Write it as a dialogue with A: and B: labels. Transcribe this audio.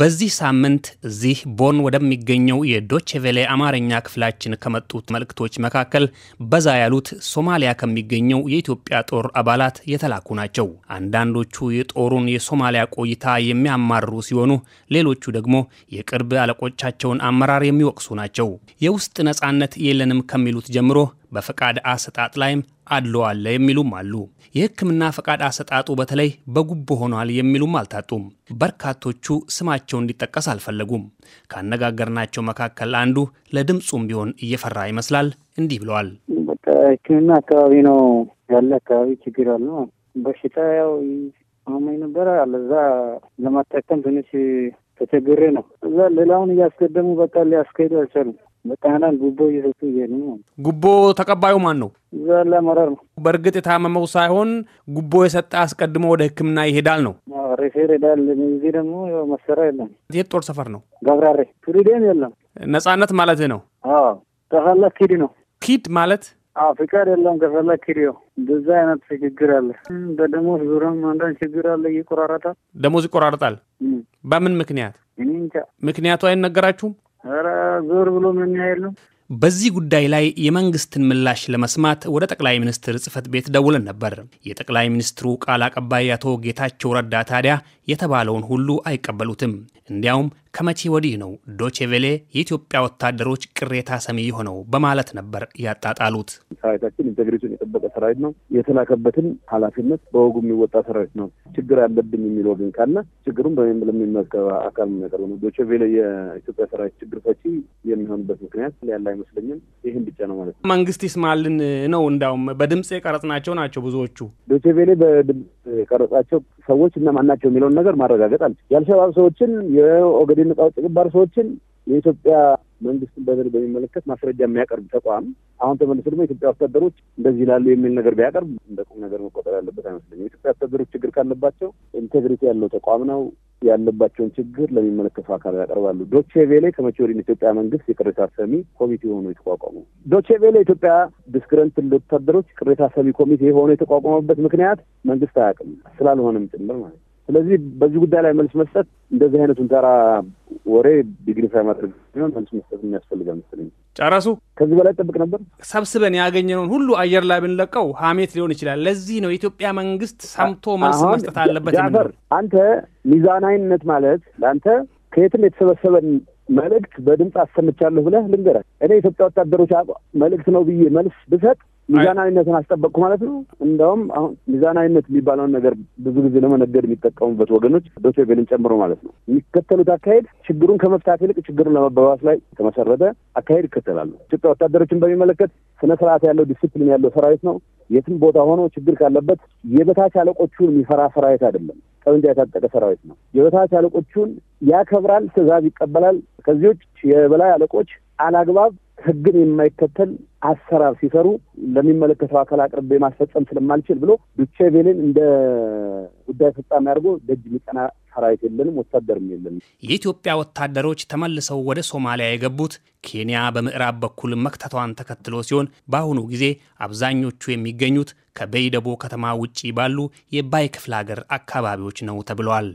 A: በዚህ ሳምንት እዚህ ቦን ወደሚገኘው የዶቼቬሌ አማርኛ ክፍላችን ከመጡት መልእክቶች መካከል በዛ ያሉት ሶማሊያ ከሚገኘው የኢትዮጵያ ጦር አባላት የተላኩ ናቸው። አንዳንዶቹ የጦሩን የሶማሊያ ቆይታ የሚያማርሩ ሲሆኑ፣ ሌሎቹ ደግሞ የቅርብ አለቆቻቸውን አመራር የሚወቅሱ ናቸው። የውስጥ ነጻነት የለንም ከሚሉት ጀምሮ በፈቃድ አሰጣጥ ላይም አድለዋለ የሚሉም አሉ። የሕክምና ፈቃድ አሰጣጡ በተለይ በጉቦ ሆኗል የሚሉም አልታጡም። በርካቶቹ ስማቸው እንዲጠቀስ አልፈለጉም። ካነጋገርናቸው መካከል አንዱ ለድምፁም ቢሆን እየፈራ ይመስላል። እንዲህ ብለዋል።
B: ህክምና ሕክምና አካባቢ ነው ያለ አካባቢ ችግር አለ። በሽታ ያው አማኝ ነበረ አለዛ ለማጠቀም ትንሽ ተቸግሬ ነው እዛ ሌላውን እያስቀደሙ በቃ ሊያስካሄዱ አልቻሉም። መጣናን ጉቦ እየሰጡ እየሄዱ ነው።
A: ጉቦ ተቀባዩ ማን ነው?
B: ዘላ መረር ነው።
A: በእርግጥ የታመመው ሳይሆን ጉቦ የሰጠ አስቀድሞ ወደ ሕክምና ይሄዳል ነው
B: ሬፌር ሄዳል። እዚህ ደግሞ መሰራ የለም።
A: የት ጦር ሰፈር ነው?
B: ገብራሬ ፍሪዴም የለም።
A: ነጻነት ማለት ነው።
B: ተፈላ ኪድ ነው። ኪድ ማለት ፍቃድ የለም። ከፈላ ኪድ ው በዛ አይነት ችግር አለ። በደሞዝ ዙረም አንዳንድ ችግር አለ። ይቆራረጣል።
A: ደሞዝ ይቆራረጣል። በምን ምክንያት? ምክንያቱ አይነገራችሁም?
B: ዞር ብሎ የሚያየል
A: በዚህ ጉዳይ ላይ የመንግስትን ምላሽ ለመስማት ወደ ጠቅላይ ሚኒስትር ጽህፈት ቤት ደውለን ነበር። የጠቅላይ ሚኒስትሩ ቃል አቀባይ አቶ ጌታቸው ረዳ ታዲያ የተባለውን ሁሉ አይቀበሉትም። እንዲያውም ከመቼ ወዲህ ነው ዶቼቬሌ የኢትዮጵያ ወታደሮች ቅሬታ ሰሚ የሆነው በማለት ነበር ያጣጣሉት።
C: ሰራዊታችን ኢንቴግሪቱን የጠበቀ ሰራዊት ነው። የተላከበትን ኃላፊነት በወጉ የሚወጣ ሰራዊት ነው። ችግር አለብኝ የሚል ወገን ካለ ችግሩም ለሚመገባ አካል የሚያቀርብ ነው። ዶቼቬሌ የኢትዮጵያ ሰራዊት ችግር ፈቺ የሚሆንበት ምክንያት ያለ አይመስለኝም። ይህን ብቻ ነው ማለት ነው።
A: መንግስት ይስማልን ነው። እንዲያውም በድምፅ የቀረጽናቸው ናቸው ብዙዎቹ
C: ዶቼቬሌ በድምፅ የቀረጻቸው ሰዎች እነማን ናቸው የሚለው የሚለውን ነገር ማረጋገጥ አለ። የአልሸባብ ሰዎችን፣ የኦገዴን ነጻ አውጪ ግንባር ሰዎችን የኢትዮጵያ መንግስትን በምን በሚመለከት ማስረጃ የሚያቀርብ ተቋም አሁን ተመልሶ ደግሞ የኢትዮጵያ ወታደሮች እንደዚህ ይላሉ የሚል ነገር ቢያቀርብ እንደ ቁም ነገር መቆጠር ያለበት አይመስለኝም። የኢትዮጵያ ወታደሮች ችግር ካለባቸው ኢንቴግሪቲ ያለው ተቋም ነው ያለባቸውን ችግር ለሚመለከተው አካል ያቀርባሉ። ዶቼ ቬሌ ከመቼ ወዲህ ኢትዮጵያ መንግስት የቅሬታ ሰሚ ኮሚቴ ሆኖ የተቋቋሙ ዶቼ ቬሌ ኢትዮጵያ ዲስክረንት ለወታደሮች ቅሬታ ሰሚ ኮሚቴ ሆኖ የተቋቋመበት ምክንያት መንግስት አያውቅም ስላልሆነም ጭምር ማለት ነው። ስለዚህ በዚህ ጉዳይ ላይ መልስ መስጠት እንደዚህ አይነቱን ተራ ወሬ ዲግሪፋይ ማድረግ ሲሆን መልስ መስጠት የሚያስፈልግ አይመስለኝም። ጨረሱ። ከዚህ በላይ ጠብቅ ነበር።
A: ሰብስበን ያገኘነውን ሁሉ አየር ላይ ብንለቀው ሀሜት ሊሆን ይችላል። ለዚህ ነው የኢትዮጵያ መንግስት ሰምቶ መልስ መስጠት አለበት። ጃፈር፣
C: አንተ ሚዛናዊነት ማለት ለአንተ ከየትም የተሰበሰበን መልእክት በድምፅ አሰምቻለሁ ብለህ ልንገራል። እኔ የኢትዮጵያ ወታደሮች መልእክት ነው ብዬ መልስ ብሰጥ ሚዛናዊነትን አስጠበቅኩ ማለት ነው። እንደውም አሁን ሚዛናዊነት የሚባለውን ነገር ብዙ ጊዜ ለመነገድ የሚጠቀሙበት ወገኖች ዶቼቬለን ጨምሮ ማለት ነው የሚከተሉት አካሄድ ችግሩን ከመፍታት ይልቅ ችግሩን ለመባባስ ላይ የተመሰረተ አካሄድ ይከተላሉ። ኢትዮጵያ ወታደሮችን በሚመለከት ስነ ስርዓት ያለው ዲስፕሊን ያለው ሰራዊት ነው። የትም ቦታ ሆኖ ችግር ካለበት የበታች አለቆቹን የሚፈራ ሰራዊት አይደለም። ጠብንጃ የታጠቀ ሰራዊት ነው። የበታች አለቆቹን ያከብራል፣ ትዕዛዝ ይቀበላል። ከዚህ ውጭ የበላይ አለቆች አላግባብ ህግን የማይከተል አሰራር ሲሰሩ ለሚመለከተው አካል አቅርቤ ማስፈጸም ስለማልችል ብሎ ዶቼ እንደ ጉዳይ ፈጻሚ አድርጎ ደጅ የሚቀና ሰራዊት የለንም፣ ወታደርም የለንም።
A: የኢትዮጵያ ወታደሮች ተመልሰው ወደ ሶማሊያ የገቡት ኬንያ በምዕራብ በኩል መክተቷን ተከትሎ ሲሆን በአሁኑ ጊዜ አብዛኞቹ የሚገኙት ከበይደቦ ከተማ ውጪ ባሉ የባይ ክፍለ ሀገር አካባቢዎች ነው ተብሏል።